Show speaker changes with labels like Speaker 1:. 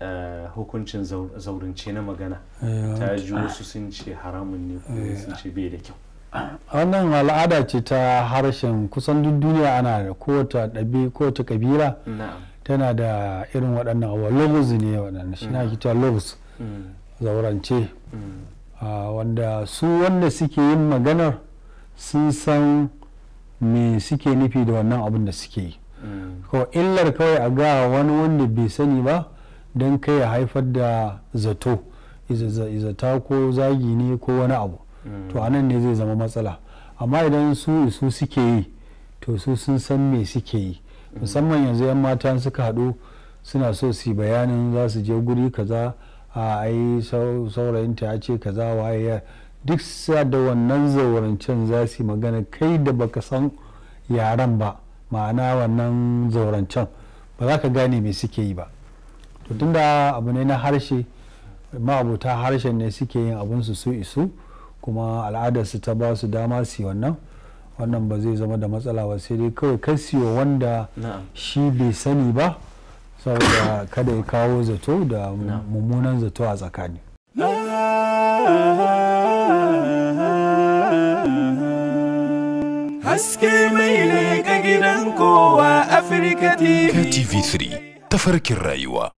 Speaker 1: Eh, hukuncin zaurance na magana eh, ta ji wasu sun ce haramun ne ko sun ce bai da kyau eh, wannan al'ada ce ta harshen kusan duk duniya ana da kowata ɗabi kowata kabila tana da irin waɗannan abubuwa logos ne waɗannan shi na kita lobus mm. zaurance mm. Ah, wanda su wanda suke yin maganar sun san me suke nufi da wannan abin da suke yi mm. ko illar kawai a ga wani wanda bai sani ba don kai ya haifar da zato izata ko zagi ne ko wani abu to mm. anan ne zai zama matsala amma idan su isu suke yi to su sun san me suke yi mm. musamman yanzu 'yan mata suka haɗu suna so su bayanin za su je guri kaza a ai saurayinta ya ce kaza waye duk sa da wannan zaurancen za su yi magana kai da baka san yaren ba ma'ana wannan zaurancen ba za ka gane me suke yi ba to tunda abu ne na harshe ma'abuta harshen ne suke yin abun su su isu kuma al'adar su ta ba su dama su wannan wannan ba zai zama da matsala ba sai dai kawai kasiyo wanda shi bai sani ba saboda kada ya kawo zato da mummunan zato a tsakani haske mai ne ka gidan kowa afirka tv3 tafarkin rayuwa